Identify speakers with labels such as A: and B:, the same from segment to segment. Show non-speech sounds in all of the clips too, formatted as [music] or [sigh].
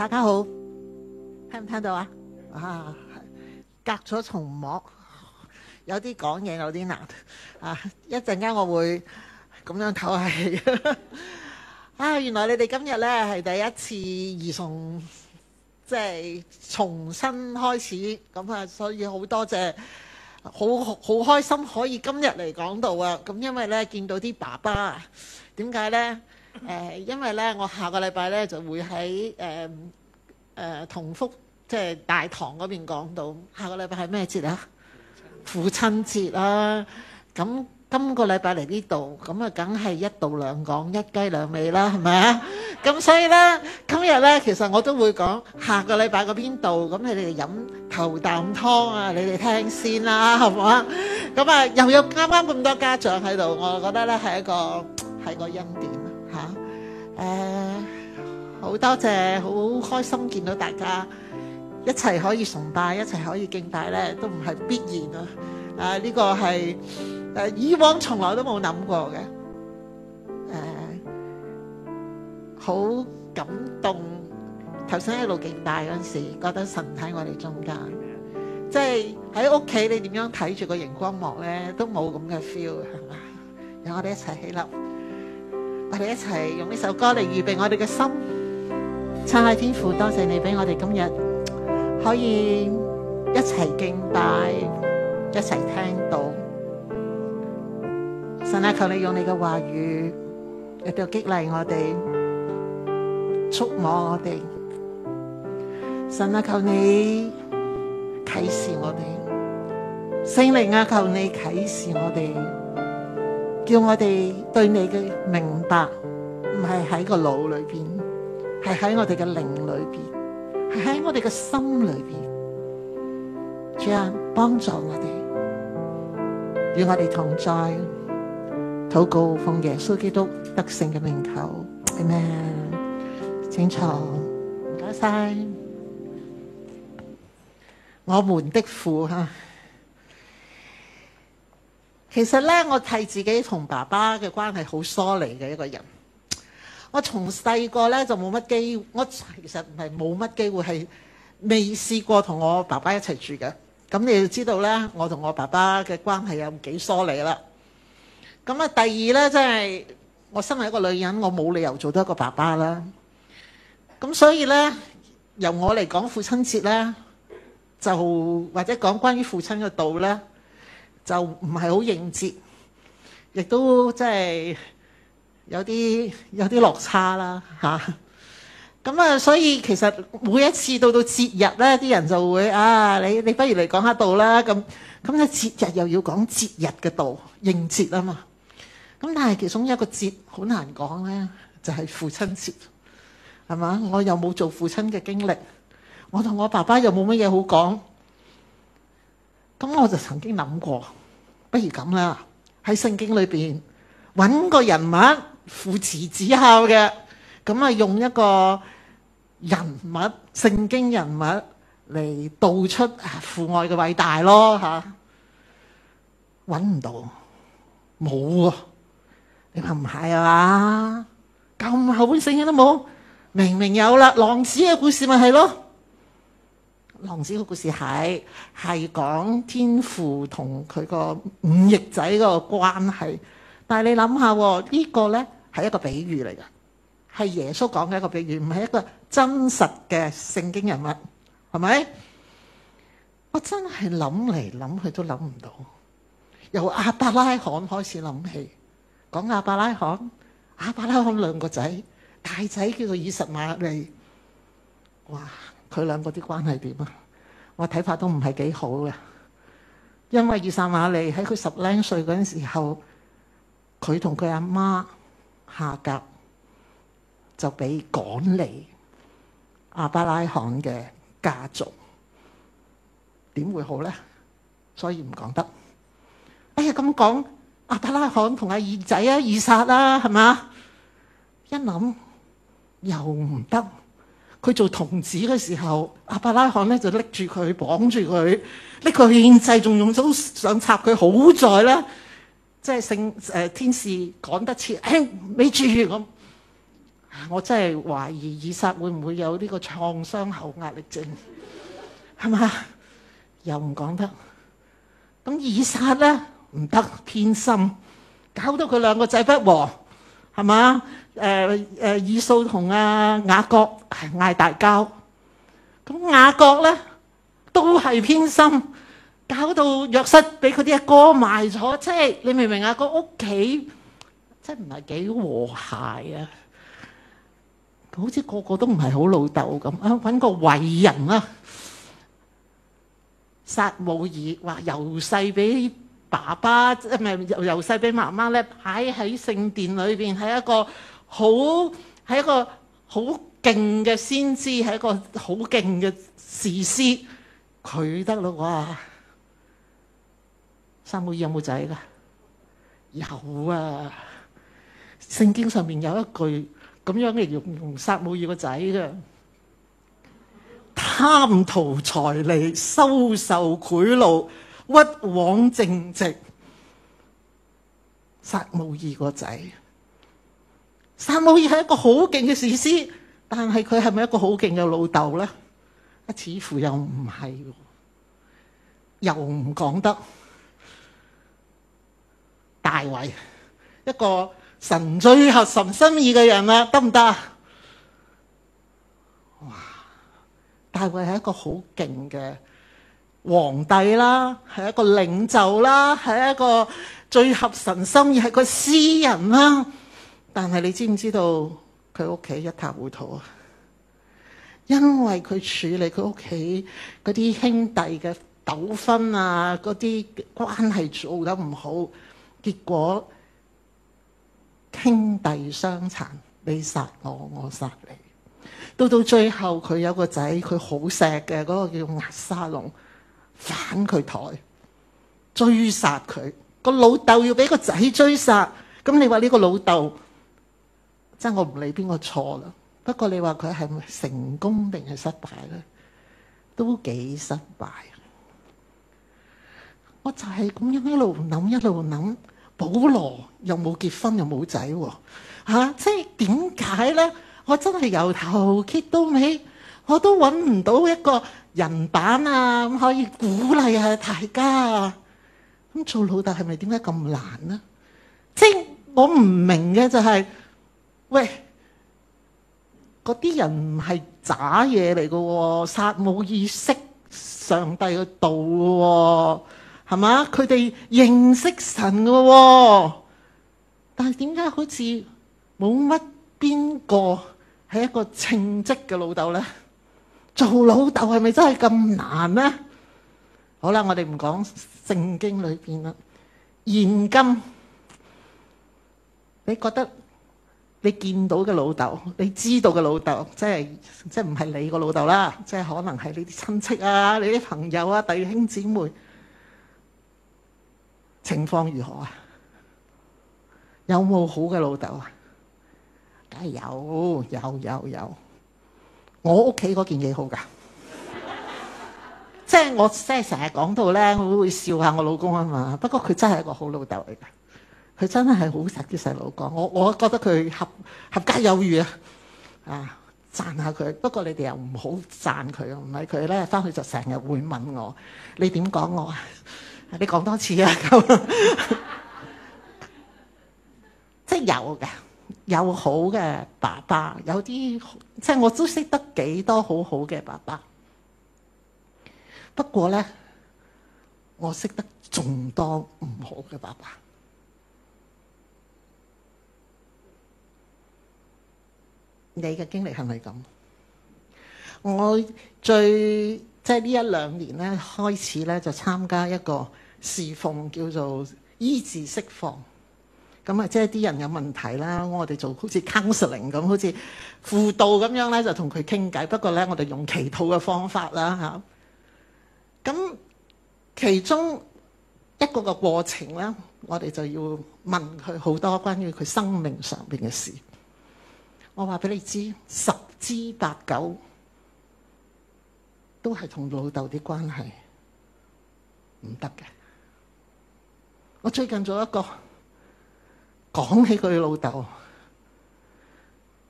A: 大家好，聽唔聽到啊？啊，隔咗重幕，有啲講嘢有啲難啊！一陣間我會咁樣唞下氣 [laughs] 啊！原來你哋今日呢係第一次移送，即係重新開始，咁啊，所以好多謝，好好開心可以今日嚟講道啊！咁、啊、因為呢，見到啲爸爸啊，點解呢？誒、呃，因為咧，我下個禮拜咧就會喺誒誒同福即係大堂嗰邊講到下個禮拜係咩節啊？父親節、啊、啦。咁今個禮拜嚟呢度，咁啊，梗係一道兩講一雞兩味啦，係咪啊？咁所以咧，今日咧，其實我都會講下個禮拜嗰邊度。咁你哋飲頭啖湯啊，你哋聽先啦，係嘛？咁啊，又有啱啱咁多家長喺度，我覺得咧係一個係個恩典。誒，好、uh, 多謝，好開心見到大家一齊可以崇拜，一齊可以敬拜咧，都唔係必然啊！啊、uh，呢個係誒以往從來都冇諗過嘅，誒，好感動。頭先一路敬拜嗰陣時，覺得神喺我哋中間，即係喺屋企你點樣睇住個熒光幕咧，都冇咁嘅 feel 係嘛？由 [laughs] 我哋一齊起，起立。我哋一齊用呢首歌嚟預備我哋嘅心，差下天父，多謝你俾我哋今日可以一齊敬拜，一齊聽到。神啊，求你用你嘅話語嚟到激勵我哋，觸摸我哋。神啊，求你啟示我哋，聖靈啊，求你啟示我哋。要我哋對你嘅明白，唔係喺個腦裏邊，係喺我哋嘅靈裏邊，係喺我哋嘅心裏邊，主啊，幫助我哋，與我哋同在，禱告奉耶穌基督得勝嘅名求，阿門。請坐，唔該晒。我們的父啊！其實咧，我替自己同爸爸嘅關係好疏離嘅一個人。我從細個咧就冇乜機，我其實唔係冇乜機會，係未試過同我爸爸一齊住嘅。咁你就知道咧，我同我爸爸嘅關係有幾疏離啦。咁啊，第二咧，即係我身為一個女人，我冇理由做到一個爸爸啦。咁所以咧，由我嚟講父親節咧，就或者講關於父親嘅道咧，就唔係好應節，亦都即係有啲有啲落差啦嚇。咁啊，所以其實每一次到到節日咧，啲人就會啊，你你不如嚟講下道啦咁。咁咧，節日又要講節日嘅道應節啊嘛。咁但係其中一個節好難講咧，就係父親節，係嘛？我又冇做父親嘅經歷，我同我爸爸又冇乜嘢好講。咁我就曾經諗過，不如咁啦，喺聖經裏邊揾個人物父慈子孝嘅。咁啊用一個人物聖經人物嚟道出父愛嘅偉大咯吓，揾，啊，唔到，冇喎，啊，你話唔係啊嘛，咁厚本聖經都冇，明明有啦，浪子嘅故事咪係咯。《王子》嘅故事係係講天父同佢個五翼仔個關係，但係你諗下喎，呢個呢係一個比喻嚟㗎，係耶穌講嘅一個比喻，唔係一個真實嘅聖經人物，係咪？我真係諗嚟諗去都諗唔到，由亞伯拉罕開始諗起，講亞伯拉罕，亞伯拉罕兩個仔，大仔叫做以實瑪利，哇！佢兩個啲關係點啊？我睇法都唔係幾好嘅，因為以實瑪利喺佢十零歲嗰陣時候，佢同佢阿媽夏甲就俾趕離亞伯拉罕嘅家族，點會好咧？所以唔講得。哎呀，咁講亞伯拉罕同阿二仔啊，以撒啦，啊，係嘛？一諗又唔得。佢做童子嘅時候，亞伯拉罕咧就拎住佢，綁住佢，拎佢獻祭，仲用刀想插佢。好在咧，即係聖誒天使趕得切，哎，未注意咁。我真係懷疑以撒會唔會有呢個創傷後壓力症，係嘛？又唔講得。咁以撒咧唔得偏心，搞到佢兩個仔不和。係嘛？誒誒，以掃同阿雅各嗌大交，咁雅各咧都係偏心，搞到約瑟俾佢啲阿哥賣咗，即係你明唔明啊？個屋企真係唔係幾和諧啊！好似個個都唔係好老豆咁，啊揾個壞人啦，殺無義話由細俾。爸爸唔係由由細俾媽媽咧，擺喺聖殿裏邊，係一個好係一個好勁嘅先知，係一個好勁嘅士師，佢得啦！哇，撒母耳有冇仔噶？有啊，聖經上面有一句咁樣嚟形容撒母耳個仔噶，貪圖財利，收受賄賂，屈枉正直，撒母耳個仔。撒母耳係一個好勁嘅士師，但係佢係咪一個好勁嘅老豆咧？啊，似乎又唔係，又唔講得。大衛，一個神最合神心意嘅人啦，啊，得唔得？哇！大衛係一個好勁嘅，皇帝啦，係一個領袖啦，係一個最合神心意，係個詩人啦。但係你知唔知道佢屋企一塌糊塗啊？因為佢處理佢屋企嗰啲兄弟嘅糾紛啊，嗰啲關係做得唔好，結果兄弟相殘，你殺我，我殺你。到到最後，佢有個仔，佢好錫嘅嗰個叫押沙龍。反佢台，追殺佢個老豆，要俾個仔追殺，咁你話呢個老豆，即係我唔理邊個錯啦。不過你話佢係咪成功定係失敗咧？都幾失敗。我就係咁樣一路諗一路諗，保羅又冇結婚又冇仔喎，吓，即係點解咧？我真係由頭揭到尾，我都揾唔到一個。人版啊，咁可以鼓勵下大家啊！咁做老豆係咪點解咁難呢？即、就、係、是、我唔明嘅就係、是，喂，嗰啲人唔係渣嘢嚟㗎，殺冇意識上帝嘅道㗎、啊、喎，係嘛？佢哋認識神㗎喎、啊，但係點解好似冇乜邊個係一個稱職嘅老豆咧？做老豆係咪真係咁難呢？好啦，我哋唔講聖經裏邊啦。現今你覺得你見到嘅老豆，你知道嘅老豆，即係即係唔係你個老豆啦？即係可能係你啲親戚啊，你啲朋友啊，弟兄姊妹情況如何啊？有冇好嘅老豆啊？梗係有，有有有。我屋企嗰件幾好㗎， [laughs] 即係我即係成日講到咧，我會笑下我老公啊嘛。不過佢真係一個好老豆嚟㗎，佢真係好實啲細路講。我我覺得佢合合家有餘啊，啊讚下佢。不過你哋又唔好讚佢啊，唔係佢咧，返去就成日會問我，你點講我？你講多次啊，咁 [laughs] [laughs] 即係有㗎。有好嘅爸爸，有啲即係我都識得幾多好好嘅爸爸。不過呢，我識得仲多唔好嘅爸爸。你嘅經歷係咪咁？我最即係呢一兩年呢，開始呢，就參加一個侍奉，叫做醫治釋放。咁啊，即係啲人有問題啦，我哋就好似 counseling 咁，好似輔導咁樣咧，就同佢傾偈。不過咧，我哋用祈禱嘅方法啦嚇。咁、啊、其中一個個過程咧，我哋就要問佢好多關於佢生命上邊嘅事。我話俾你知，十之八九都係同老豆啲關係唔得嘅。我最近做一個。講起佢老豆，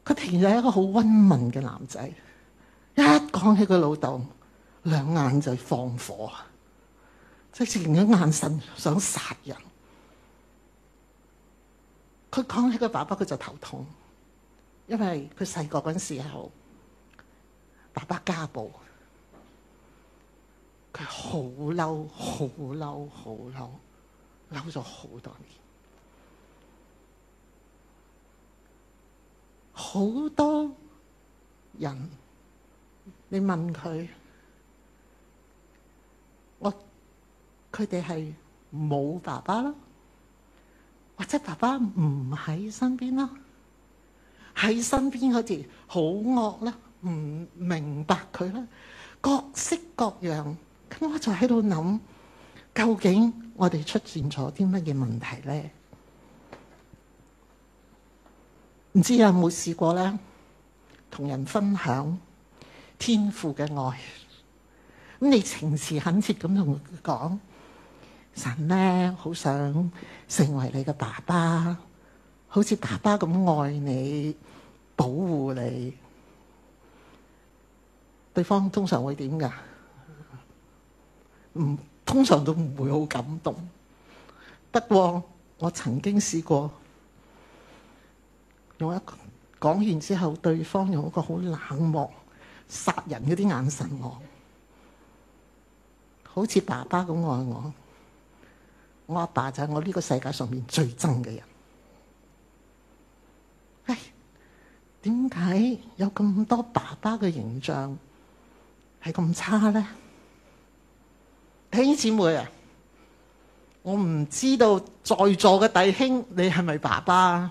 A: 佢平時係一個好溫文嘅男仔，一講起佢老豆，兩眼就放火，直情係眼神想殺人。佢講起佢爸爸，佢就頭痛，因為佢細個嗰陣時候，爸爸家暴，佢好嬲，好嬲，好嬲，嬲咗好多年。好多人，你問佢，我佢哋係冇爸爸咯，或者爸爸唔喺身邊咯，喺身邊嗰時好惡啦，唔明白佢啦，各式各樣，咁我就喺度諗，究竟我哋出現咗啲乜嘢問題咧？唔知有冇試過咧，同人分享天父嘅愛，咁你情詞懇切咁同佢講，神咧好想成為你嘅爸爸，好似爸爸咁愛你、保護你，對方通常會點噶？唔通常都唔會好感動。不過我曾經試過。有一講完之後，對方用一個好冷漠、殺人嗰啲眼神我，好似爸爸咁愛我。我阿爸，爸就係我呢個世界上面最憎嘅人。唉，點解有咁多爸爸嘅形象係咁差呢？弟兄姊妹啊，我唔知道在座嘅弟兄，你係咪爸爸？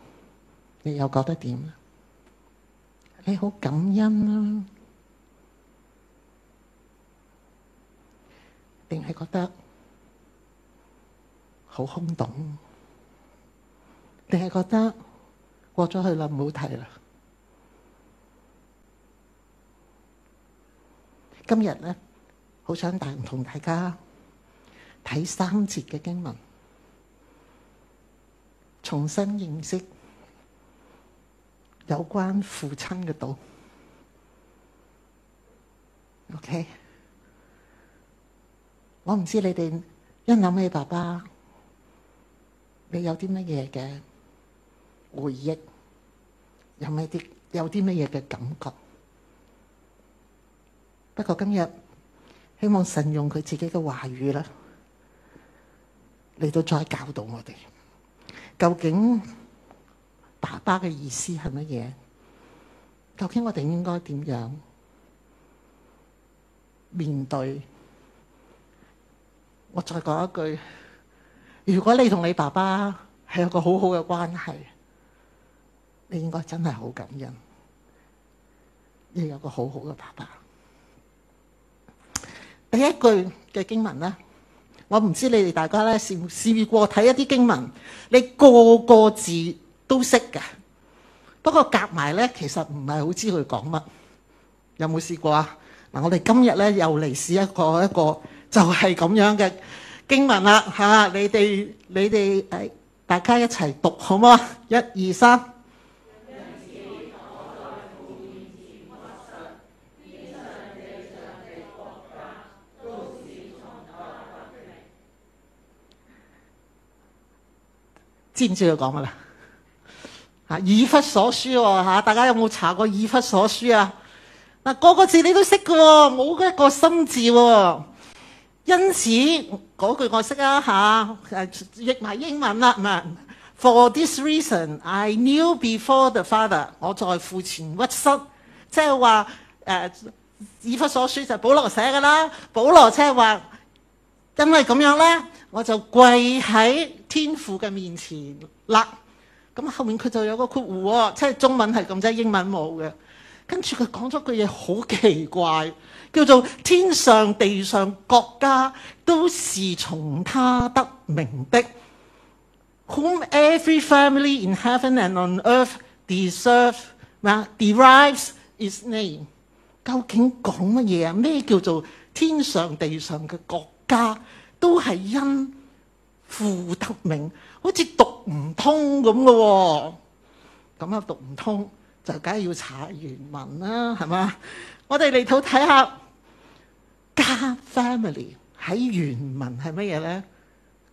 A: 你又覺得點？你好感恩啦、啊，定係覺得好空洞？定係覺得過咗去啦，唔好提啦？今日咧，好想大同大家睇三節嘅經文，重新認識。有關父親嘅道，OK，我唔知你哋一諗起爸爸，你有啲乜嘢嘅回憶，有咩啲有啲乜嘢嘅感覺？不過今日希望神用佢自己嘅話語啦，你都再教導我哋，究竟？爸爸嘅意思係乜嘢？究竟我哋應該點樣面對？我再講一句：如果你同你爸爸係有個好好嘅關係，你應該真係好感恩，你有個好好嘅爸爸。第一句嘅經文咧，我唔知你哋大家咧試試唔試過睇一啲經文，你個個字。都識嘅，不過夾埋咧，其實唔係好知佢講乜。有冇試過啊？嗱，我哋今日咧又嚟試一個一個，就係咁樣嘅經文啦嚇！你哋你哋誒大家一齊讀好嗎？一、二、三，知唔知佢講乜啦？以弗所書喎，大家有冇查過以弗所書啊？嗱，個個字你都識嘅喎，冇一個生字喎。因此嗰句我識啊，嚇，誒譯埋英文啦。唔係，For this reason I knew before the Father，我在父前屈膝，即係話誒以弗所書就係保羅寫嘅啦。保羅即係話，因為咁樣咧，我就跪喺天父嘅面前啦。咁後面佢就有個括弧喎，即係中文係咁，即係英文冇嘅。跟住佢講咗句嘢好奇怪，叫做天上地上國家都是從他得名的，whom every family in heaven and on earth deserve 嘛 derives its name。究竟講乜嘢啊？咩叫做天上地上嘅國家都係因？富德明好似讀唔通咁嘅喎，咁啊讀唔通就梗係要查原文啦，係嘛？我哋嚟到睇下家 family 喺原文係乜嘢咧？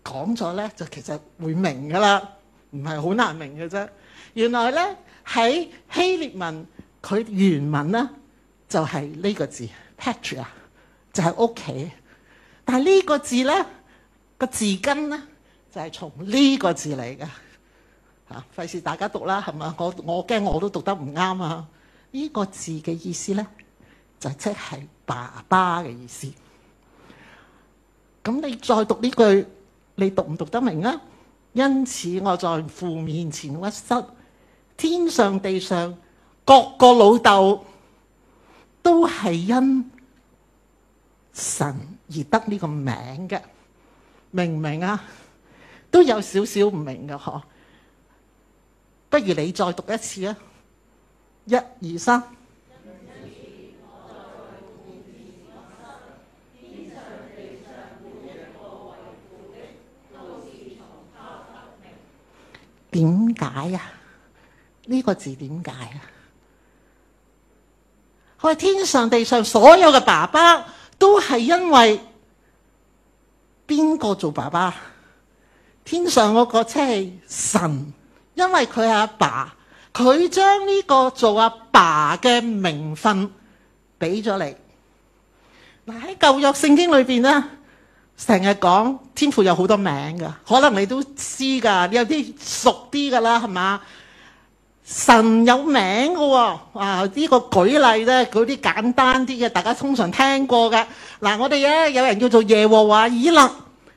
A: 講咗咧就其實會明嘅啦，唔係好難明嘅啫。原來咧喺希臘文佢原文咧就係呢個字，patria 就係屋企，但係呢個字咧。個字根咧就係從呢個字嚟嘅嚇，費事大家讀啦，係嘛？我我驚我都讀得唔啱啊！呢個字嘅意思咧就即係爸爸嘅意思。咁你再讀呢句，你讀唔讀得明啊？因此我在父面前屈膝，天上地上各個老豆都係因神而得呢個名嘅。明唔明啊？都有少少唔明㗎嗬？不如你再讀一次啊！一二三，點解啊？呢個字點解啊？我話天上地上所有嘅爸爸都係因為。邊個做爸爸？天上嗰個即係神，因為佢係阿爸，佢將呢個做阿爸嘅名分俾咗你。嗱，喺舊約聖經裏邊咧，成日講天父有好多名噶，可能你都知噶，你有啲熟啲噶啦，係嘛？神有名嘅喎、哦，啊呢、這個舉例咧，舉啲簡單啲嘅，大家通常聽過嘅。嗱，我哋咧有人叫做耶和華以勒，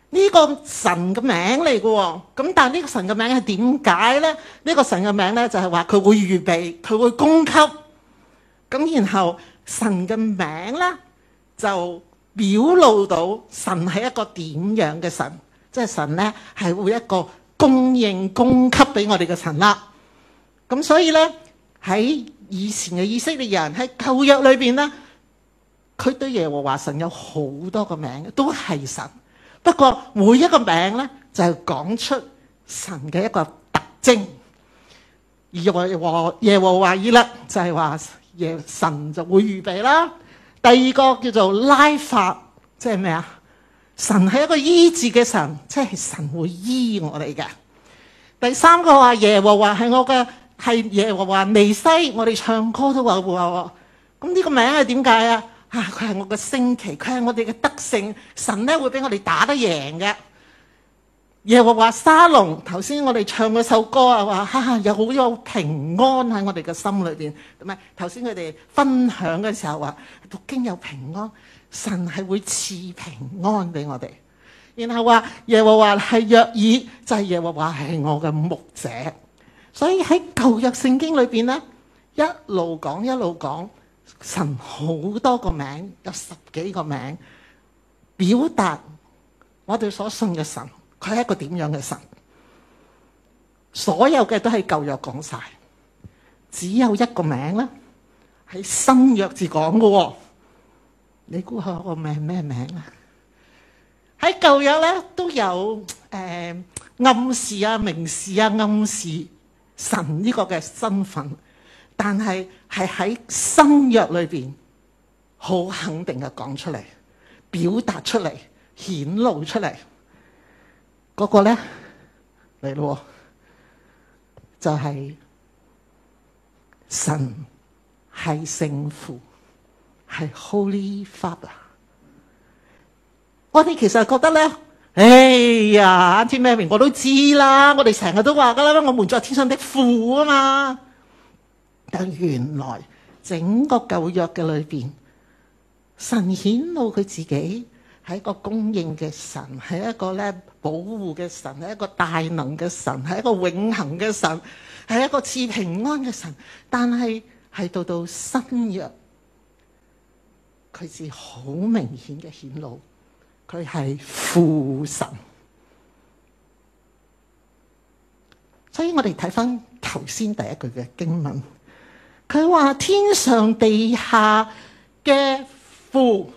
A: 呢、這個神嘅名嚟嘅喎。咁但係呢個神嘅名係點解咧？呢、這個神嘅名咧就係話佢會預備，佢會供給。咁然後神嘅名咧就表露到神係一個點樣嘅神，即係神咧係會一個供應、供給俾我哋嘅神啦。咁所以咧，喺以前嘅以色列人喺舊約裏邊咧，佢對耶和華神有好多個名，都係神。不過每一個名咧，就係、是、講出神嘅一個特徵。耶和耶和華以勒就係、是、話耶神就會預備啦。第二個叫做拉法，即係咩啊？神係一個醫治嘅神，即係神會醫我哋嘅。第三個話耶和華係我嘅。係耶和華尼西，我哋唱歌都話話喎，咁呢個名係點解啊？吓，佢係我嘅旌旗，佢係我哋嘅得勝，神咧會俾我哋打得贏嘅。耶和華沙龍，頭先我哋唱嗰首歌啊，話、啊、哈，又好有平安喺我哋嘅心裏邊，唔係頭先佢哋分享嘅時候話讀經有平安，神係會賜平安俾我哋。然後話、啊、耶和華係羅以，就係、是、耶和華係我嘅牧者。所以喺舊約聖經裏邊咧，一路講一路講神好多個名，有十幾個名，表達我哋所信嘅神，佢係一個點樣嘅神？所有嘅都係舊約講晒，只有一個名咧，喺新約至講嘅喎。你估下個名係咩名啊？喺舊約咧都有誒、欸、暗示啊、明示啊、暗示。神呢個嘅身份，但係係喺新約裏邊好肯定嘅講出嚟，表達出嚟，顯露出嚟，嗰、那個咧嚟咯，就係、是、神係聖父，係 Holy Father。我哋其實覺得咧。哎呀，啲咩名我都知啦！我哋成日都話噶啦，我們我作天上的父啊嘛。但原來整個舊約嘅裏邊，神顯露佢自己係一個供應嘅神，係一個咧保護嘅神，係一個大能嘅神，係一個永恆嘅神，係一個賜平安嘅神。但係係到到新約，佢至好明顯嘅顯露。佢係父神，所以我哋睇翻頭先第一句嘅經文，佢話天上地下嘅父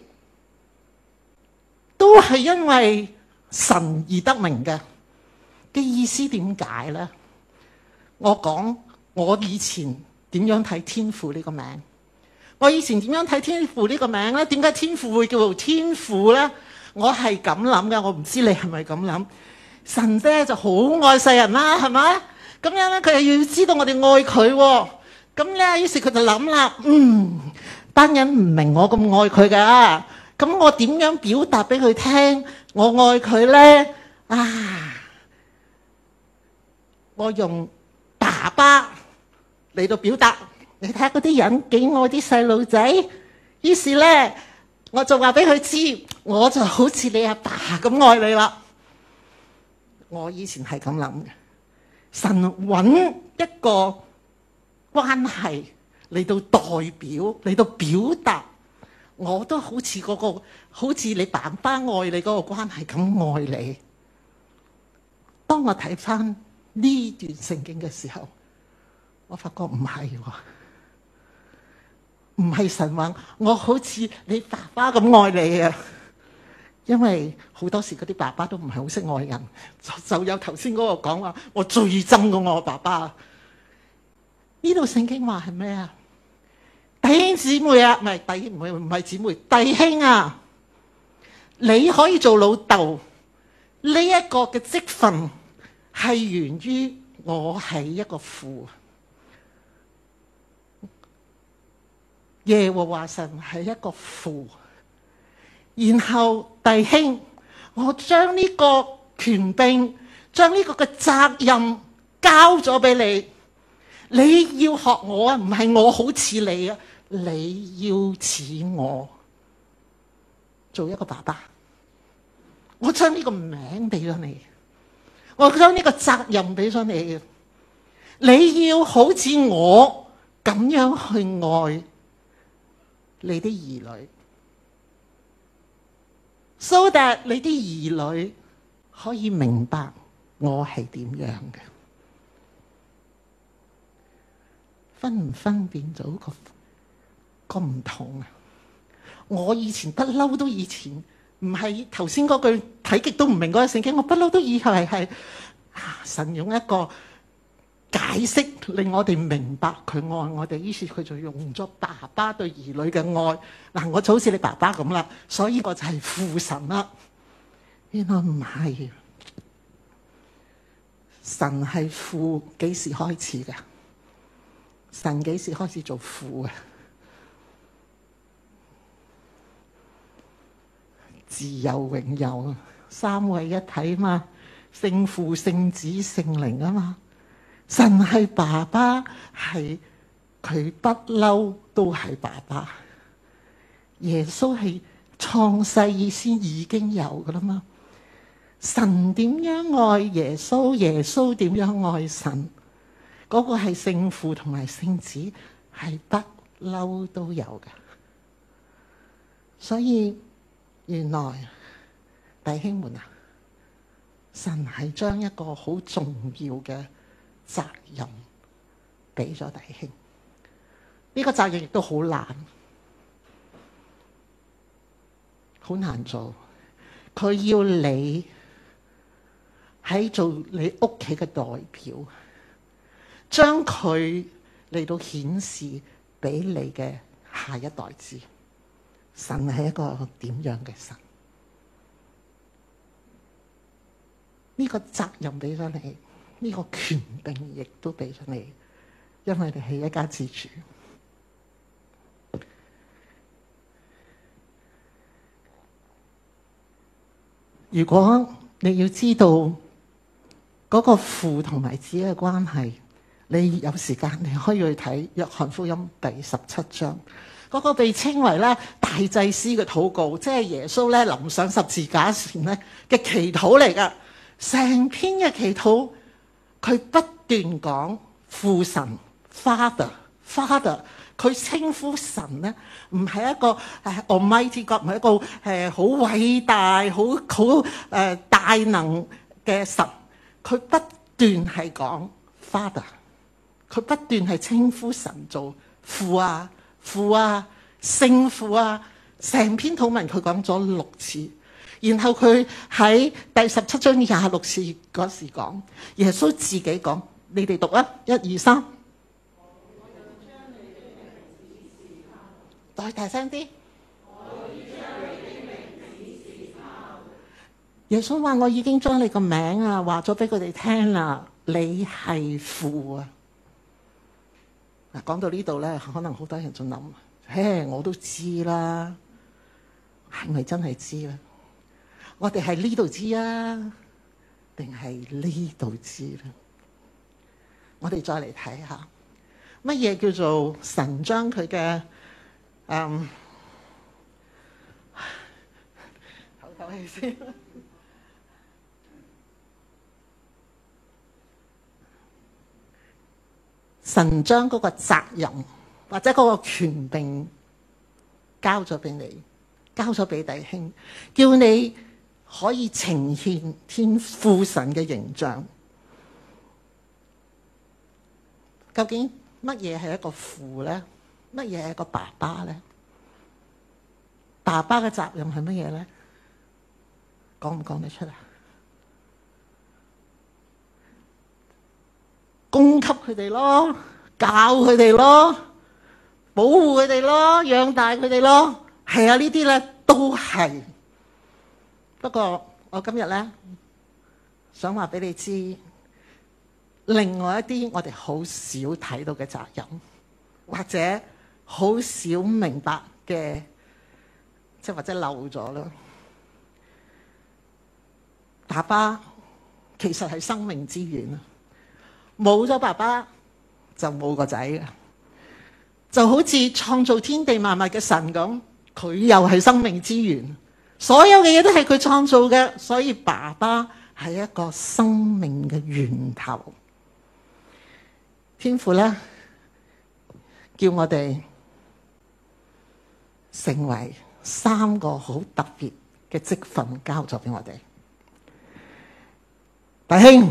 A: 都係因為神而得名嘅嘅意思。點解咧？我講我以前點樣睇天父呢個名？我以前點樣睇天父呢個名咧？點解天父會叫做天父咧？我係咁諗噶，我唔知你係咪咁諗。神姐就好愛世人啦，係咪？咁樣咧，佢又要知道我哋愛佢啊。咁咧，於是佢就諗啦，嗯，班人唔明我咁愛佢噶。咁我點樣表達俾佢聽我愛佢咧？啊，我用爸爸嚟到表達。你睇下嗰啲人幾愛啲細路仔。於是咧。我就話俾佢知，我就好似你阿爸咁愛你啦。我以前係咁諗嘅，神揾一個關係嚟到代表嚟到表達，我都好似嗰個，好似你爸爸愛你嗰個關係咁愛你。當我睇翻呢段聖經嘅時候，我發覺唔係。唔係神話，我好似你爸爸咁愛你啊！因為好多時嗰啲爸爸都唔係好識愛人，就有頭先嗰個講話，我最憎個我爸爸。呢度聖經話係咩啊？弟兄姊妹啊，唔係弟兄唔係唔係姊妹，弟兄啊，你可以做老豆。呢一個嘅職份係源於我係一個父。耶和華神係一個父，然後弟兄，我將呢個權柄，將呢個嘅責任交咗俾你，你要學我啊，唔係我好似你啊，你要似我做一個爸爸。我將呢個名俾咗你，我將呢個責任俾咗你，你要好似我咁樣去愛。你啲兒女，蘇達，你啲兒女可以明白我係點樣嘅，分唔分辨咗個唔同啊？我以前不嬲都以前唔係頭先嗰句睇極都唔明嗰個聖經，我不嬲都以為係、啊、神勇一個。解釋令我哋明白佢愛我哋，於是佢就用咗爸爸對兒女嘅愛。嗱，我就好似你爸爸咁啦，所以我就係父神啦。原來唔係，神係父幾時開始嘅？神幾時開始做父嘅？自有永有，三位一體啊嘛，聖父、聖子、聖靈啊嘛。神係爸爸，係佢不嬲都係爸爸。耶穌係創世以前已經有噶啦嘛？神點樣愛耶穌，耶穌點樣愛神？嗰個係聖父同埋聖子，係不嬲都有嘅。所以原來弟兄們啊，神係將一個好重要嘅。責任俾咗弟兄，呢個責任亦都好難，好難做。佢要你喺做你屋企嘅代表，將佢嚟到顯示俾你嘅下一代知，神係一個點樣嘅神？呢個責任俾咗你。呢個權柄亦都俾咗你，因為你係一家之主。如果你要知道嗰個父同埋子嘅關係，你有時間你可以去睇《約翰福音》第十七章，嗰個被稱為咧大祭司嘅禱告，即係耶穌咧臨上十字架前咧嘅祈禱嚟㗎，成篇嘅祈禱。佢不斷講父神 Father Father，佢稱呼神咧唔係一個誒 Almighty God 唔係一個誒好、uh, 偉大好好誒大能嘅神，佢不斷係講 Father，佢不斷係稱呼神做父啊父啊聖父啊，成篇土文佢講咗六次。然後佢喺第十七章廿六節嗰時講，耶穌自己講，你哋讀啊，一二三，再大聲啲。耶穌話：我已經將你個名啊話咗俾佢哋聽啦，你係父啊。嗱，講到呢度咧，可能好多人就諗，嘿，我都知啦，係咪真係知咧？我哋係呢度知啊，定係呢度知啦。我哋再嚟睇下乜嘢叫做神將佢嘅，嗯，唞唞氣先。神將嗰個責任或者嗰個權柄交咗俾你，交咗俾弟兄，叫你。可以呈現天父神嘅形象。究竟乜嘢係一個父咧？乜嘢係一個爸爸咧？爸爸嘅責任係乜嘢咧？講唔講得出啊？供給佢哋咯，教佢哋咯，保護佢哋咯，養大佢哋咯，係啊，呢啲咧都係。不過，我今日咧想話俾你知，另外一啲我哋好少睇到嘅責任，或者好少明白嘅，即係或者漏咗咯。爸爸其實係生命之源啊！冇咗爸爸就冇個仔嘅，就好似創造天地萬物嘅神咁，佢又係生命之源。所有嘅嘢都係佢創造嘅，所以爸爸係一個生命嘅源頭。天父咧，叫我哋成為三個好特別嘅職份，交咗俾我哋。大兄，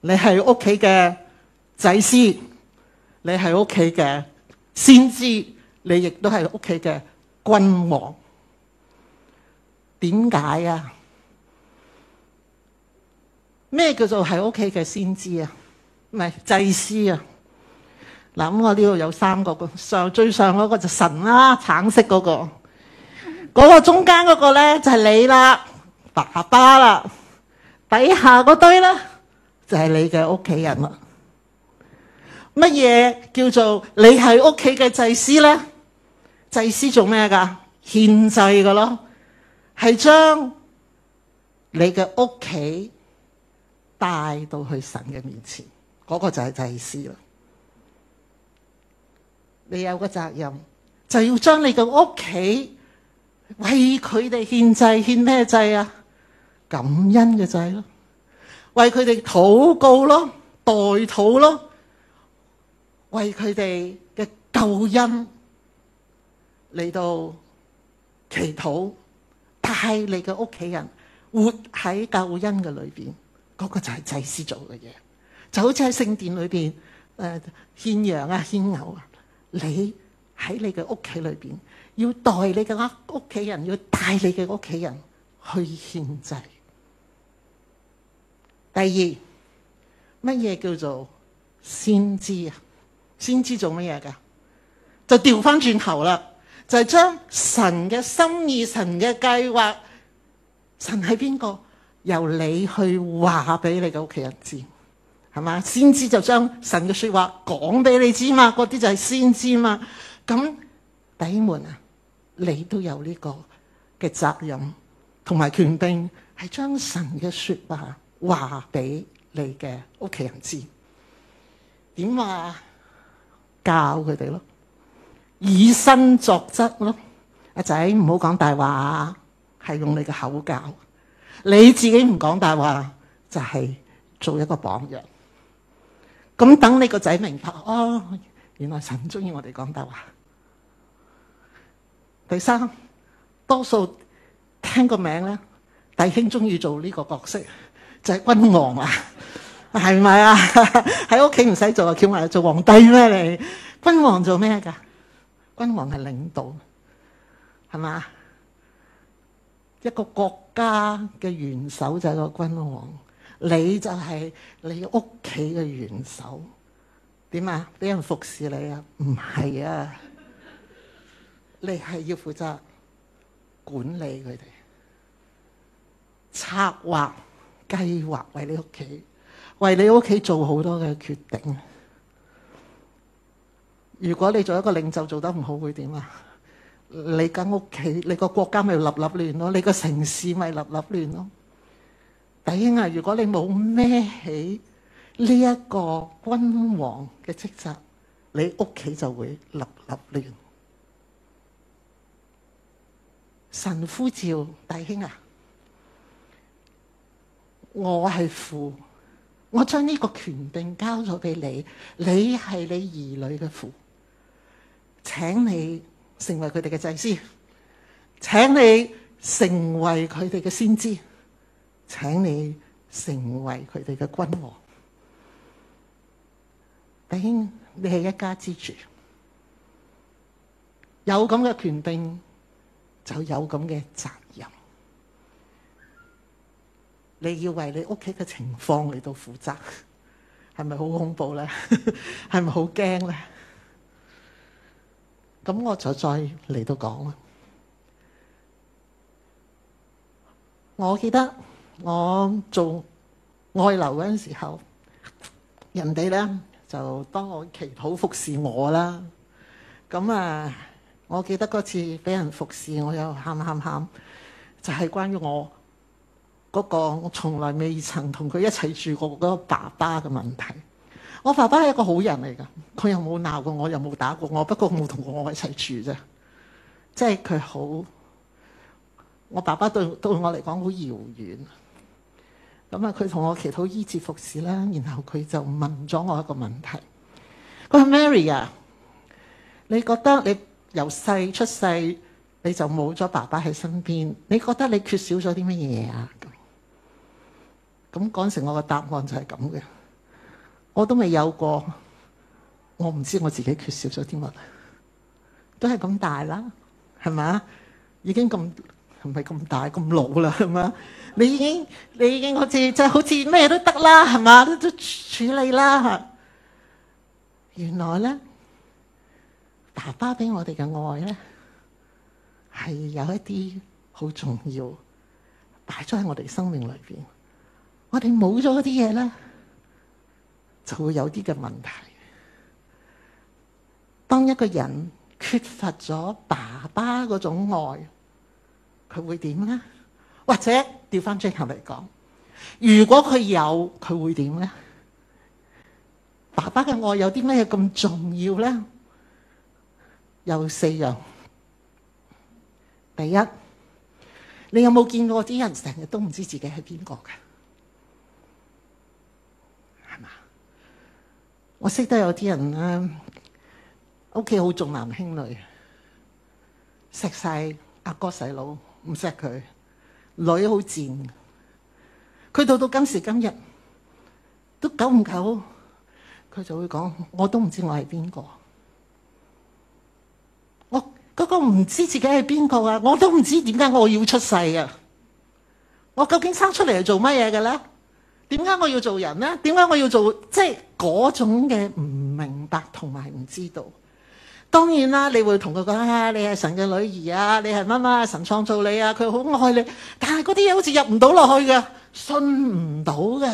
A: 你係屋企嘅祭司，你係屋企嘅先知，你亦都係屋企嘅君王。點解啊？咩叫做喺屋企嘅先知啊？唔係祭司啊？嗱，咁我呢度有三個㗎，上最上嗰個就神啦，啊，橙色嗰、嗰個，嗰、嗰個中間嗰個咧就係、是、你啦，爸爸啦，底下嗰堆咧就係、是、你嘅屋企人啦。乜嘢叫做你係屋企嘅祭司咧？祭司做咩噶？獻祭㗎咯。係將你嘅屋企帶到去神嘅面前，嗰個就係祭司啦。你有個責任，就要將你嘅屋企為佢哋獻祭，獻咩祭啊？感恩嘅祭咯，為佢哋禱告咯，代禱咯，為佢哋嘅救恩嚟到祈禱。帶你嘅屋企人活喺救恩嘅裏邊，嗰個就係祭司做嘅嘢，就好似喺聖殿裏邊誒獻羊啊，獻牛啊，你喺你嘅屋企裏邊要代你嘅屋企人，要帶你嘅屋企人去獻祭。第二，乜嘢叫做先知啊？先知做乜嘢嘅？就掉翻轉頭啦。就將神嘅心意、神嘅計劃，神係邊個？由你去話俾你嘅屋企人知，係嘛？先知就將神嘅說話講俾你知嘛？嗰啲就係先知嘛？咁弟兄們啊，你都有呢個嘅責任同埋權定係將神嘅說話話俾你嘅屋企人知，點啊？教佢哋咯。以身作則咯，啊，阿仔唔好講大話，係用你嘅口教你自己唔講大話，就係、是、做一個榜樣。咁等你個仔明白哦，原來神中意我哋講大話。第三，多數聽個名咧，弟兄中意做呢個角色就係、是、君王啊，係咪啊？喺屋企唔使做，叫埋做皇帝咩？你君王做咩噶？君王係領導，係咪？一個國家嘅元首就係個君王，你就係你屋企嘅元首。點啊？俾人服侍你啊？唔係啊！你係要負責管理佢哋，策劃計劃為你屋企，為你屋企做好多嘅決定。如果你做一個領袖做得唔好，會點啊？你間屋企，你個國家咪立立亂咯，你個城市咪立立亂咯。弟兄啊，如果你冇孭起呢一個君王嘅職責，你屋企就會立立亂。神呼召，弟兄啊，我係父，我將呢個權柄交咗俾你，你係你兒女嘅父。請你成為佢哋嘅祭司，請你成為佢哋嘅先知，請你成為佢哋嘅君王。弟兄，你係一家之主，有咁嘅權柄，就有咁嘅責任。你要為你屋企嘅情況嚟到負責，係咪好恐怖咧？係咪好驚咧？咁我就再嚟到講啦。我記得我做外流嗰陣時候，人哋咧就當我祈禱服侍我啦。咁啊，我記得嗰次俾人服侍，我又喊喊喊，就係關於我嗰個我從來未曾同佢一齊住過嗰個爸爸嘅問題。我爸爸係一個好人嚟噶，佢又冇鬧過我，我又冇打過我，不過冇同我一齊住啫。即係佢好，我爸爸對對我嚟講好遙遠。咁、嗯、啊，佢、嗯、同我祈禱醫治服侍啦，然後佢就問咗我一個問題。佢話：Mary 啊，你覺得你由細出世你就冇咗爸爸喺身邊，你覺得你缺少咗啲乜嘢啊？咁、嗯、講、嗯嗯、成我嘅答案就係咁嘅。我都未有過，我唔知我自己缺少咗啲乜，都係咁大啦，係嘛？已經咁，唔係咁大咁老啦，係嘛？你已經，你已經好似就好似咩都得啦，係嘛？都都處理啦。原來咧，爸爸俾我哋嘅愛咧，係有一啲好重要，擺咗喺我哋生命裏邊。我哋冇咗啲嘢咧。就會有啲嘅問題。當一個人缺乏咗爸爸嗰種愛，佢會點呢？或者調翻轉頭嚟講，如果佢有，佢會點呢？爸爸嘅愛有啲咩咁重要呢？有四樣。第一，你有冇見過啲人成日都唔知自己係邊個㗎？我識得有啲人咧，屋企好重男輕女，錫曬阿哥細佬，唔錫佢，女好賤。佢到到今時今日，都久唔久，佢就會講：我都唔知我係邊個。我嗰、那個唔知自己係邊個啊！我都唔知點解我要出世啊！我究竟生出嚟係做乜嘢嘅呢？點解我要做人呢？點解我要做即係嗰種嘅唔明白同埋唔知道。當然啦，你會同佢講啊，你係神嘅女兒啊，你係媽媽神創造你啊，佢好愛你。但係嗰啲嘢好似入唔到落去嘅，信唔到嘅。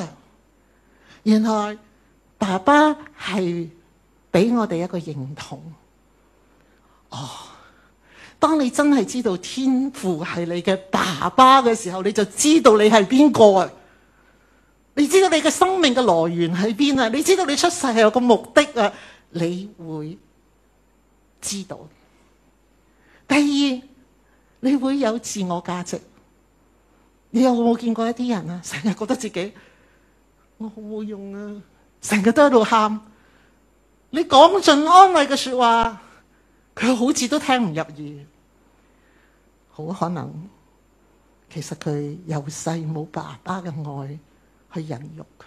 A: 原來爸爸係俾我哋一個認同。哦，當你真係知道天父係你嘅爸爸嘅時候，你就知道你係邊個啊！你知道你嘅生命嘅來源喺邊啊？你知道你出世有個目的啊？你會知道。第二，你會有自我價值。你有冇見過一啲人啊？成日覺得自己我好冇用啊，成日都喺度喊。你講盡安慰嘅說話，佢好似都聽唔入耳。好可能，其實佢幼細冇爸爸嘅愛。去引育佢。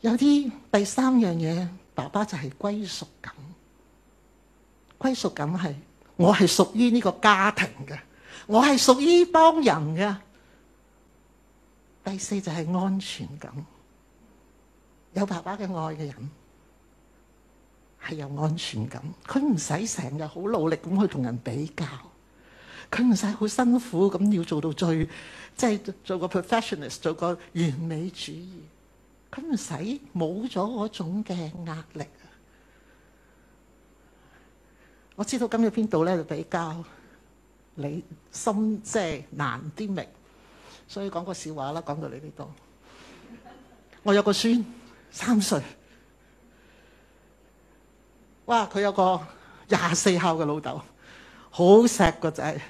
A: 有啲第三樣嘢，爸爸就係歸屬感。歸屬感係我係屬於呢個家庭嘅，我係屬於幫人嘅。第四就係安全感。有爸爸嘅愛嘅人係有安全感，佢唔使成日好努力咁去同人比較。佢唔使好辛苦咁要做到最，即係做個 professionist，做個完美主義。佢唔使冇咗嗰種嘅壓力。我知道今日邊度咧就比較理深，即係難啲明。所以講個笑話啦，講到你呢度。我有個孫三歲，哇！佢有個廿四孝嘅老豆，好錫個仔。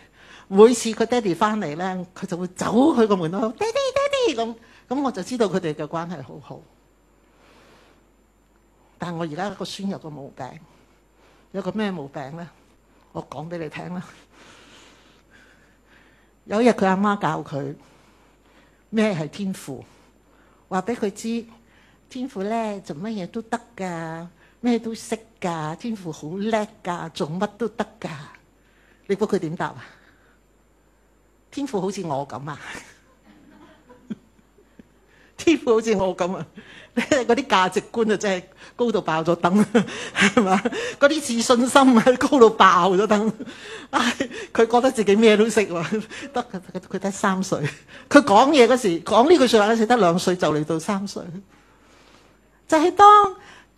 A: 每次佢爹哋翻嚟咧，佢就會走佢個門口，爹哋爹哋咁咁，我就知道佢哋嘅關係好好。但係我而家個孫有個毛病，有個咩毛病咧？我講俾你聽啦。有一日佢阿媽教佢咩係天父，話俾佢知天父咧做乜嘢都得㗎，咩都識㗎，天父好叻㗎，做乜都得㗎。你估佢點答啊？天父好似我咁啊！ [laughs] 天父好似我咁啊！嗰 [laughs] 啲價值觀啊，真係高度爆咗燈，係嘛？嗰 [laughs] 啲自信心啊，高度爆咗燈。唉、 [laughs] 哎，佢覺得自己咩都識喎、啊，得佢得佢得三歲。佢講嘢嗰時講呢句説話嗰時得兩歲，就嚟到三歲。 [laughs] 就係當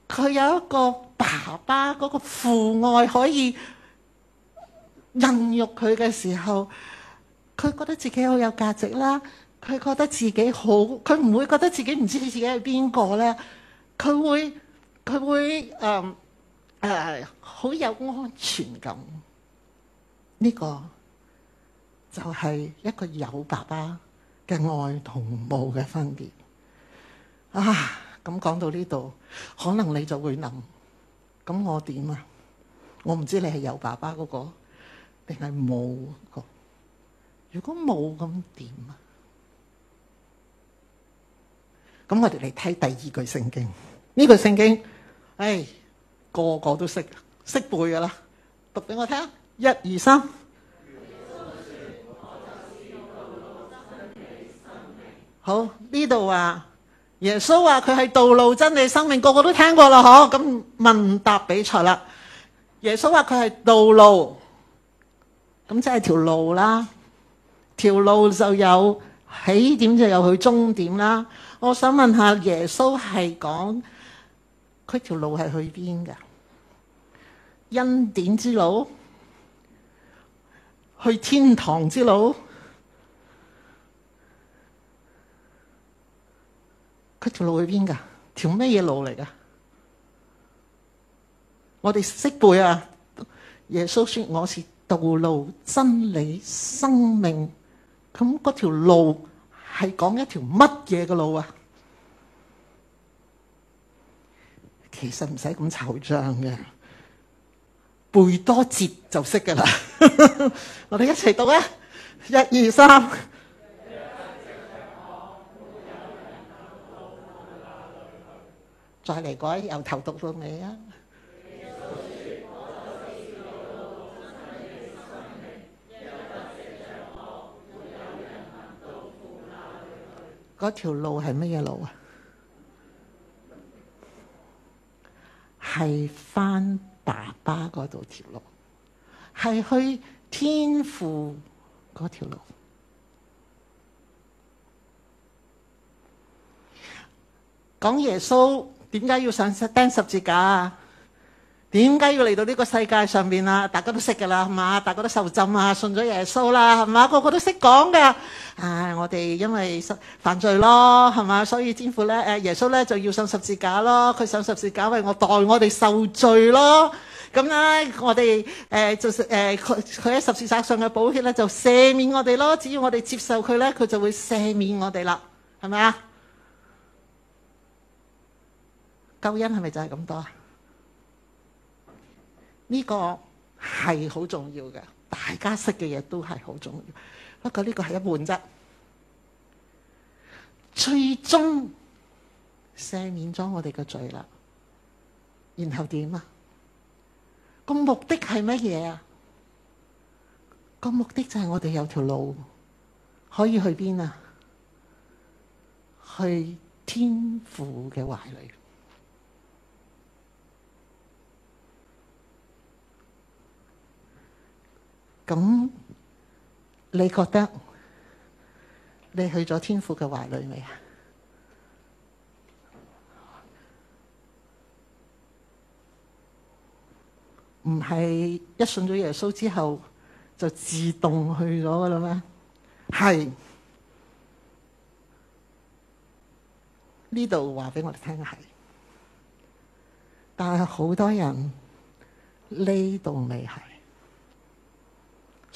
A: 佢有一個爸爸嗰、嗰個父愛可以孕育佢嘅時候。佢覺得自己好有價值啦，佢覺得自己好，佢唔會覺得自己唔知自己係邊個咧，佢會佢會誒誒好有安全感。呢個就係一個有爸爸嘅愛同冇嘅分別。啊，咁講到呢度，可能你就會諗，咁，嗯，我點啊？我唔知你係有爸爸嗰個定係冇嗰個。如果冇咁點啊？咁我哋嚟睇第二句聖經。呢句聖經，唉、哎，個個都識識背噶啦。讀俾我聽，一、二、三。好，呢度話耶穌話佢係道路、真理、生命。個個都聽過啦，嗬。咁問答比賽啦。耶穌話佢係道路，咁即係條路啦。條路就有起點，就有佢終點啦。我想問下，耶穌係講佢條路係去邊噶？恩典之路？去天堂之路？佢條路去邊噶？條咩嘢路嚟噶？我哋識背啊！耶穌說：我是道路、真理、生命。咁嗰條路係講一條乜嘢嘅路啊？其實唔使咁惆悵嘅，背多節就識噶啦。我哋一齊讀啊，一二三。再嚟改，由頭讀到尾啊！嗰條路係咩嘢路啊？係返爸爸嗰度條路，係去天父嗰條路。講耶穌點解要上釘十字架？點解要嚟到呢個世界上面啊？大家都識噶啦，係嘛？大家都受浸啊，信咗耶穌啦，係嘛？個個都識講噶。唉，我哋因為犯罪咯，係嘛？所以，天父咧，唉，耶穌咧就要上十字架咯。佢上十字架為我代我哋受罪咯。咁咧，我哋唉就唉佢佢喺十字架上嘅寶血咧就赦免我哋咯。只要我哋接受佢咧，佢就會赦免我哋啦。係咪啊？救恩係咪就係咁多啊？呢個係好重要嘅，大家識嘅嘢都係好重要。不過呢個係一半啫，最終赦免咗我哋嘅罪啦。然後點啊？個目的係乜嘢啊？個目的就係我哋有條路可以去邊啊？去天父嘅懷裡。咁，你覺得你去咗天父嘅懷裡未啊？唔係一信咗耶穌之後就自動去咗嘅啦咩？係呢度話俾我哋聽係，但係好多人呢度未係。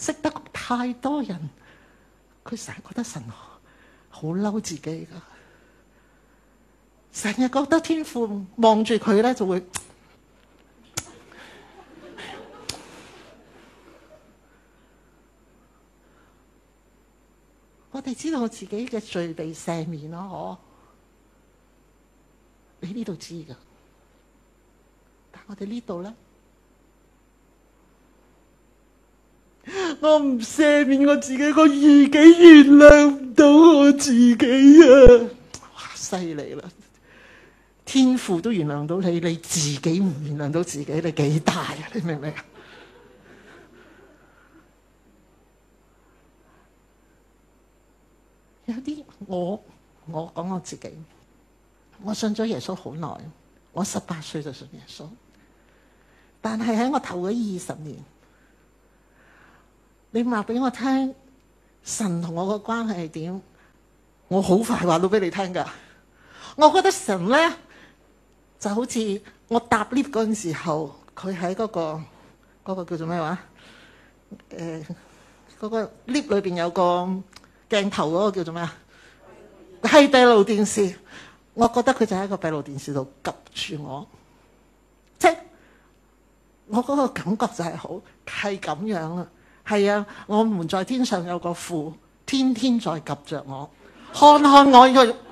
A: 識得太多人，佢成日覺得神好嬲自己㗎，成日覺得天父望住佢咧就會， [coughs] 我哋知道自己嘅罪被赦免咯，可？你呢度知㗎，但我哋呢度咧。我唔赦免我自己，我自己原諒唔到我自己啊！哇，犀利啦！天父都原諒到你，你自己唔原諒到自己，你幾大啊？你明唔明啊？ [laughs] 有啲我我講我自己，我信咗耶穌好耐，我十八歲就信耶穌，但係喺我頭嘅二十年。你話俾我聽，神同我個關係係點？我好快話到俾你聽㗎。我覺得神咧，就好似我搭 lift 嗰陣時候，佢喺嗰個、那個叫做咩話？誒、欸，嗰、那個 lift 裏邊有個鏡頭嗰、那個叫做咩啊？係閉路電視。我覺得佢就喺個閉路電視度 𥄫 住我，即、就是、我嗰個感覺就係好係咁、就是、樣啦。係啊，我們在天上有個父，天天在盯着我， [laughs] 看看我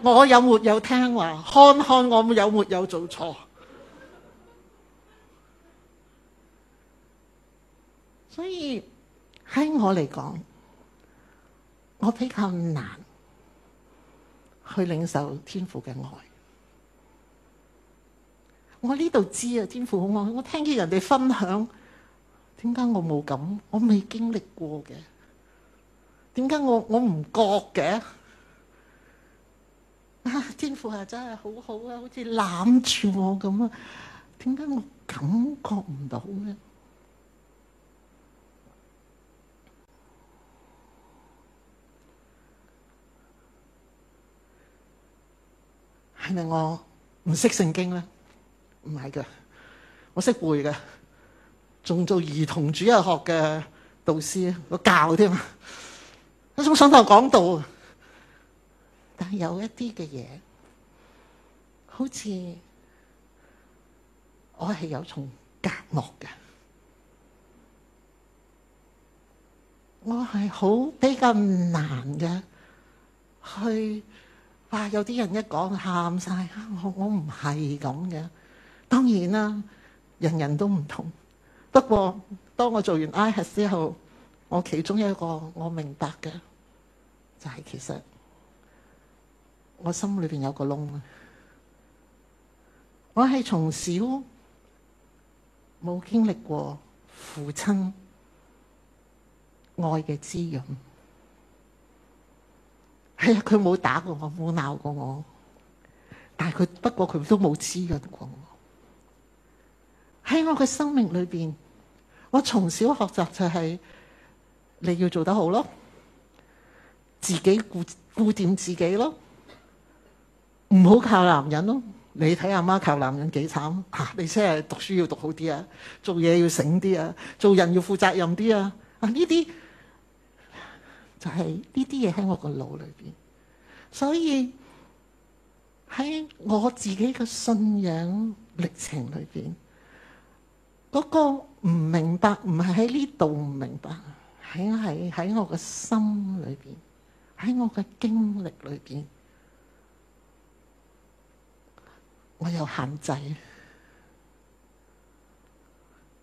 A: 我有冇聽話，看看我有冇做錯。 [laughs] 所以喺我嚟講，我比較難去領受天父嘅愛。我呢度知啊，天父好愛我，我聽見人哋分享。點解我冇咁？我未經歷過嘅。點解我我唔覺嘅？啊，天父啊，真係好好啊，好似攬住我咁啊！點解我感覺唔到咧？係咪我唔識聖經咧？唔係噶，我識背噶。仲做兒童主日學嘅導師，我教添啊！我仲想上台講道，但係有一啲嘅嘢，好似我係有層隔膜嘅，我係好比較難嘅去。哇！有啲人一講喊曬，我我唔係咁嘅。當然啦，人人都唔同。不過當我做完 i e 之後，我其中一個我明白嘅就係、是、其實我心裏面有個窿。我係從小冇經歷過父親愛嘅滋潤。係、哎、啊，佢冇打過我，冇鬧過我，但係佢不過佢都冇滋潤過我。喺我嘅生命裏邊，我從小學習就係你要做得好咯，自己顧顧掂自己咯，唔好靠男人咯。你睇阿媽靠男人幾慘啊！你真係讀書要讀好啲啊，做嘢要醒啲啊，做人要負責任啲啊啊！呢啲就係呢啲嘢喺我個腦裏邊，所以喺我自己嘅信仰歷程裏邊。嗰個唔明，明白，唔係喺呢度唔明白，喺喺喺我嘅心裏邊，喺我嘅經歷裏邊，我有限制。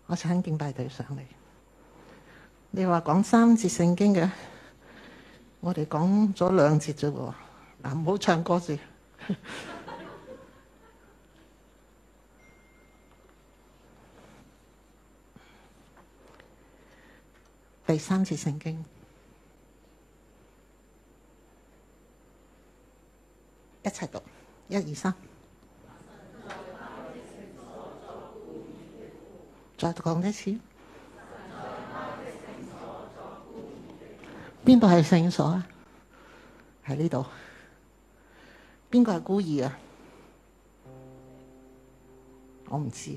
A: 我請敬拜隊上嚟，你話講三節聖經嘅，我哋講咗兩節啫喎，嗱，唔好唱歌先。 [laughs] 第三次聖經，一齊讀，一二三，再講一次，邊度係聖所啊？喺呢度，邊個係孤兒啊？我唔知。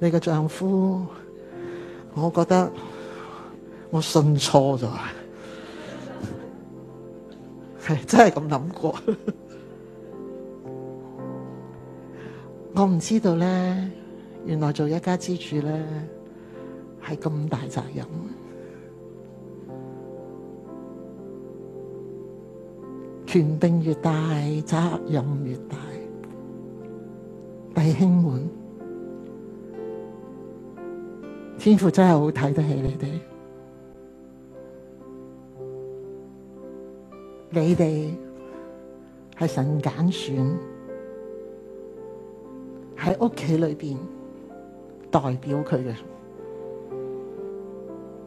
A: 你嘅丈夫，我覺得我信錯咗，係 [laughs] 真係咁諗過。 [laughs] 我唔知道呢，原來做一家之主呢係咁大責任，權柄越大，責任越大，弟兄們。天父真係好睇得起你哋，你哋係神揀選喺屋企裏邊代表佢嘅，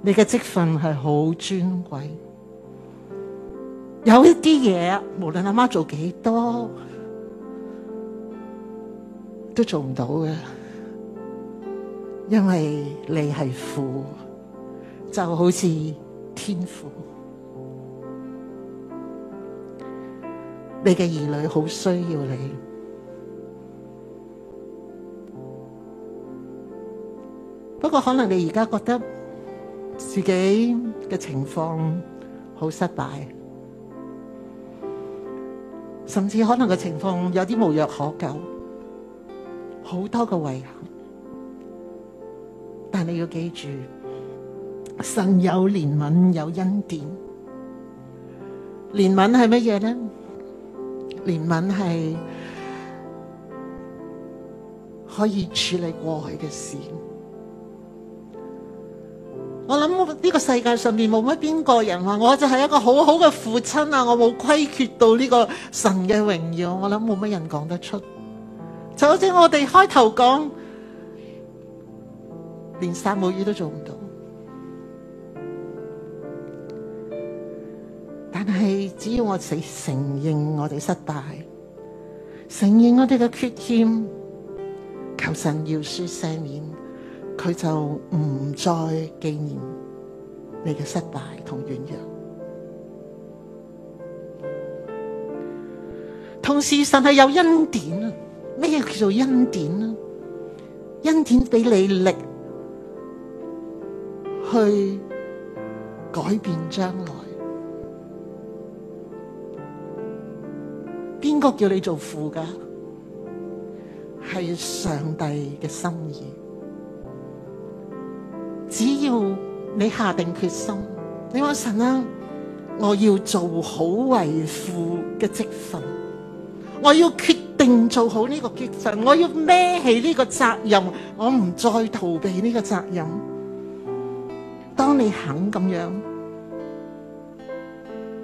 A: 你嘅職分係好尊貴，有一啲嘢無論阿媽做幾多都做唔到嘅。因為你係父，就好似天父，你嘅兒女好需要你。不過可能你而家覺得自己嘅情況好失敗，甚至可能嘅情況有啲無藥可救，好多嘅遺憾。你要記住，神有憐憫，有恩典。憐憫係乜嘢咧？憐憫係可以處理過去嘅事。我諗呢個世界上面冇乜邊個人話，我就係一個好好嘅父親啊！我冇虧缺到呢個神嘅榮耀。我諗冇乜人講得出。就好似我哋開頭講。連三個月都做唔到，但係只要我哋承認我哋失敗，承認我哋嘅缺欠，求神饒恕赦免，佢就唔再紀念你嘅失敗同軟弱。同時，神係有恩典啊！咩叫做恩典呢？恩典俾你力。去改變將來，邊個叫你做父㗎？係上帝嘅心意。只要你下定決心，你話神啊，我要做好為父嘅職份，我要決定做好呢個職份，我要孭起呢個責任，我唔再逃避呢個責任。當你肯咁樣，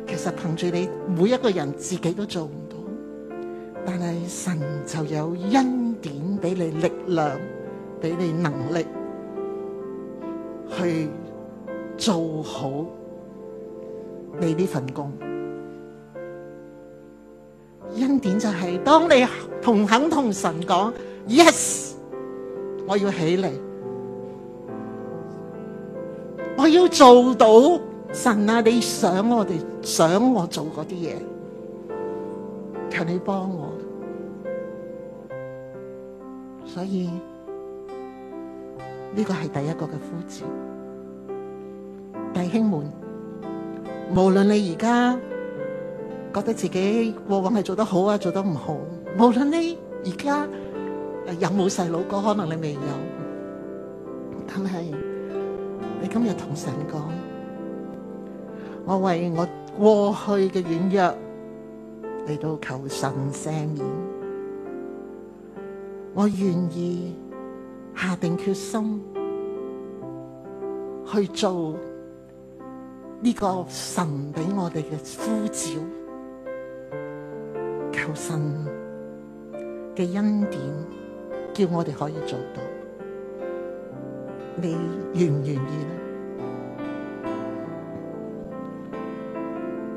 A: 其實憑住你每一個人自己都做唔到，但係神就有恩典俾你力量，俾你能力去做好你呢份工。恩典就係、是、當你同肯同神講 Yes，我要起嚟。我要做到神啊！你想我哋，想我做嗰啲嘢，求你幫我。所以呢個係第一個嘅呼召。弟兄們，無論你而家覺得自己過往係做得好啊，做得唔好，無論你而家有冇細佬哥，可能你未有，但係。你今日同神講，我為我過去嘅軟弱嚟到求神赦免，我願意下定決心去做呢個神俾我哋嘅呼召，求神嘅恩典，叫我哋可以做到。你願唔願意咧？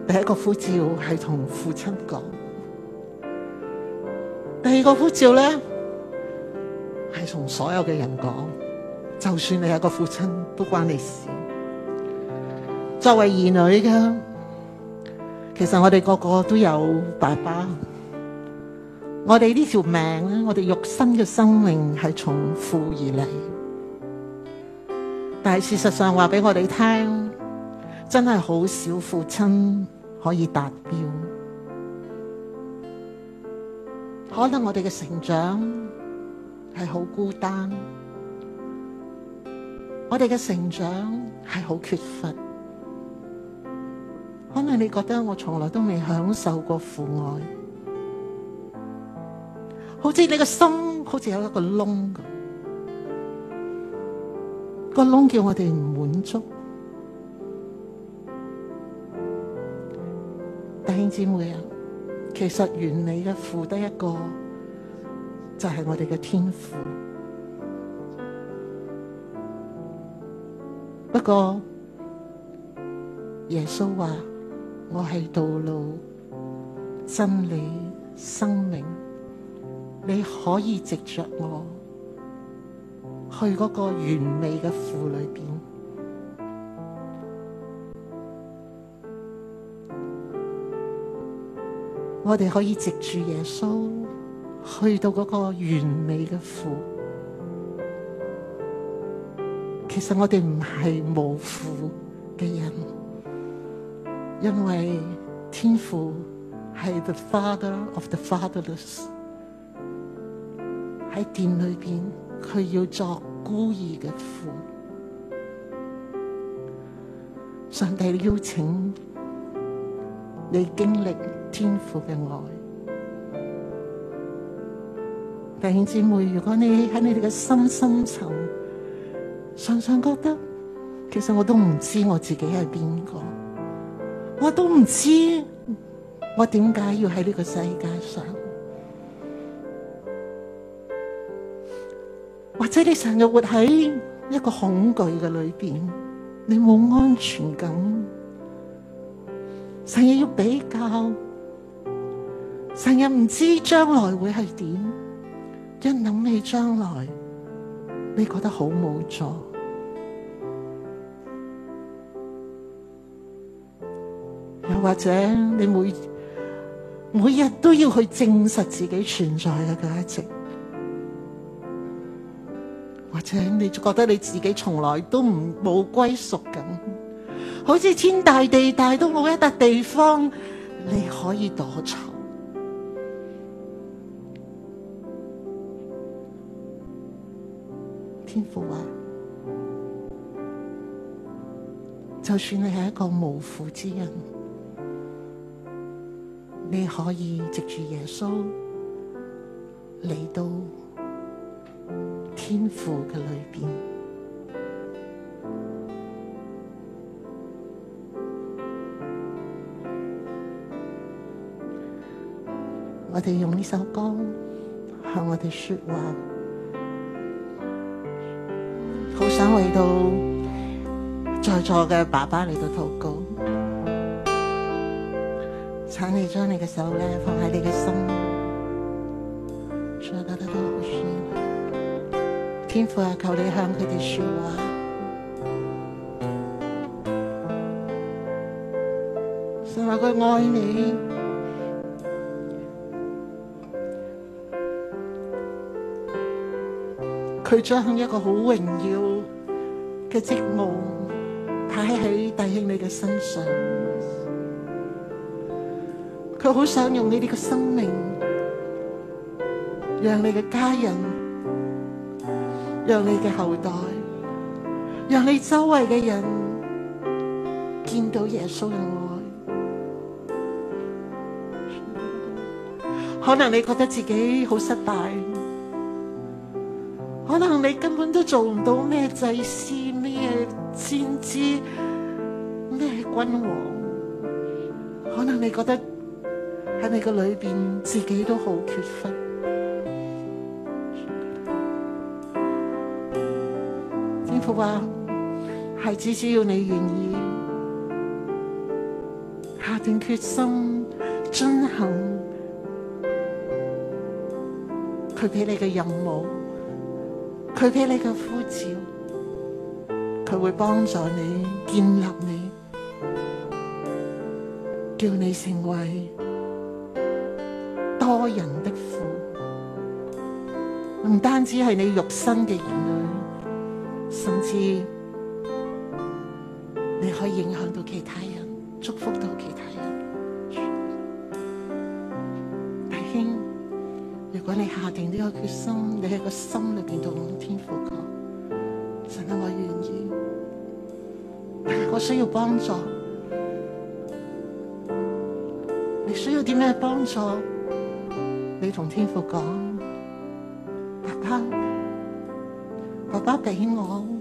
A: 第一個呼召係同父親講，第二個呼召咧係同所有嘅人講。就算你係個父親，都關你事。作為兒女嘅，其實我哋個個都有爸爸。我哋呢條命咧，我哋肉身嘅生命係從父而嚟。但係事實上話俾我哋聽，真係好少父親可以達標。可能我哋嘅成長係好孤單，我哋嘅成長係好缺乏。可能你覺得我從來都未享受過父愛，好似你嘅心好似有一個窿咁。個窿叫我哋唔滿足，弟兄姊妹啊，其實完美嘅父得一個就係、是、我哋嘅天父。不過耶穌話：我係道路、真理、生命，你可以藉著我。去嗰個完美嘅父裏邊，我哋可以藉住耶穌去到嗰個完美嘅父。其實我哋唔係無父嘅人，因為天父係 the father of the fatherless 喺殿裏邊。佢要作孤兒嘅父，上帝邀請你經歷天父嘅愛。弟兄姊妹，如果你喺你哋嘅心深處，常常覺得其實我都唔知我自己係邊個，我都唔知我點解要喺呢個世界上。或者你成日活喺一個恐懼嘅裏邊，你冇安全感。成日要比較，成日唔知將來會係點。一諗起將來，你覺得好冇助。又或者你每每日都要去證實自己存在嘅價值。或者你覺得你自己從來都唔冇歸屬感，好似天大地大都冇一笪地方你可以躲藏。天父啊，就算你係一個無父之人，你可以藉住耶穌你都……」天父嘅裏邊，我哋用呢首歌向我哋說話，好想去到在座嘅爸爸嚟到禱告，請你將你嘅手咧放喺你嘅心。再覺得天父啊，求你向佢哋說話，神話佢愛你，佢將一個好榮耀嘅職務擺喺弟兄你嘅身上，佢好想用你哋嘅生命，讓你嘅家人。讓你嘅後代，讓你周圍嘅人見到耶穌嘅愛。可能你覺得自己好失敗，可能你根本都做唔到咩祭司、咩先知、咩君王。可能你覺得喺你個裏邊自己都好缺乏。話孩子，只要你願意下定決心，遵行佢俾你嘅任務，佢俾你嘅呼召，佢會幫助你建立你，叫你成為多人的父，唔單止係你肉身嘅你可以影響到其他人，祝福到其他人。大 [laughs] 兄，如果你下定呢個決心，你喺個心裏邊同天父講：真係，我願意，我需要幫助。你需要啲咩幫助？你同天父講：爸爸，爸爸俾我。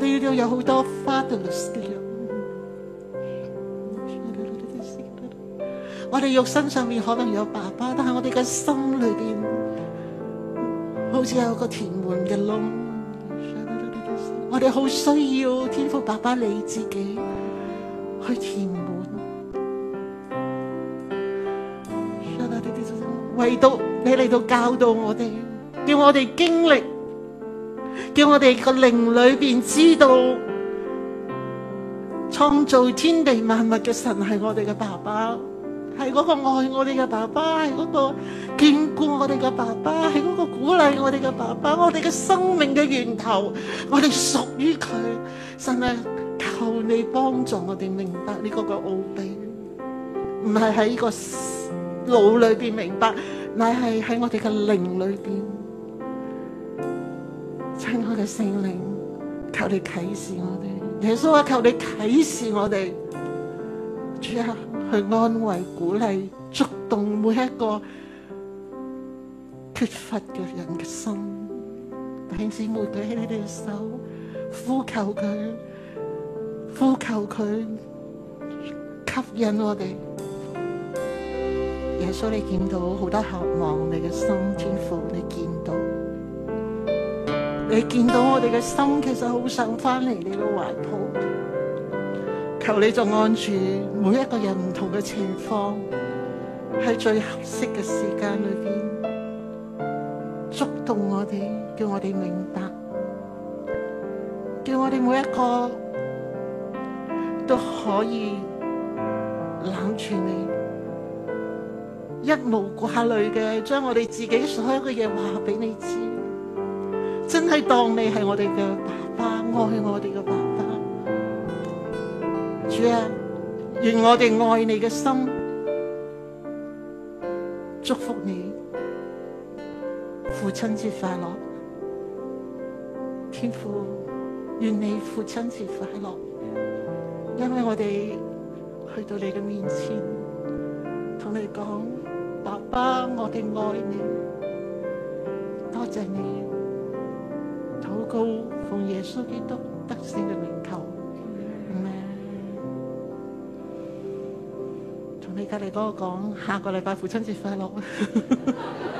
A: 我哋都有好多 fatherless 嘅人，我哋肉身上面可能有爸爸，但係我哋嘅心裏邊好似有個填滿嘅窿，我哋好需要天父爸爸你自己去填滿。唯獨你嚟到教導我哋，叫我哋經歷。叫我哋個靈裏邊知道，創造天地萬物嘅神係我哋嘅爸爸，係嗰個愛我哋嘅爸爸，係嗰個眷顧我哋嘅爸爸，係嗰個鼓勵我哋嘅爸爸，我哋嘅生命嘅源頭，我哋屬於佢。神啊，求你幫助我哋明白呢個個奧秘，唔係喺個腦裏邊明白，乃係喺我哋嘅靈裏邊。親愛嘅聖靈，求你啟示我哋。耶穌啊，求你啟示我哋。主啊，去安慰、鼓勵、觸動每一個缺乏嘅人嘅心。弟兄姊妹，舉起你哋嘅手，呼求佢，呼求佢，吸引我哋。耶穌，你見到好多渴望，你嘅心、天父，你見到。你見到我哋嘅心，其實好想翻嚟你嘅懷抱。求你就按住每一個人唔同嘅情況，喺最合適嘅時間裏邊，觸動我哋，叫我哋明白，叫我哋每一個都可以攬住你，一無掛慮嘅將我哋自己所有嘅嘢話俾你知。真係當你係我哋嘅爸爸，愛我哋嘅爸爸。主啊，願我哋愛你嘅心，祝福你，父親節快樂。天父，願你父親節快樂，因為我哋去到你嘅面前，同你講：爸爸，我哋愛你，多謝你。告奉耶穌基督得勝的名求，同、mm hmm。你隔籬嗰個講下個禮拜父親節快樂。 [laughs]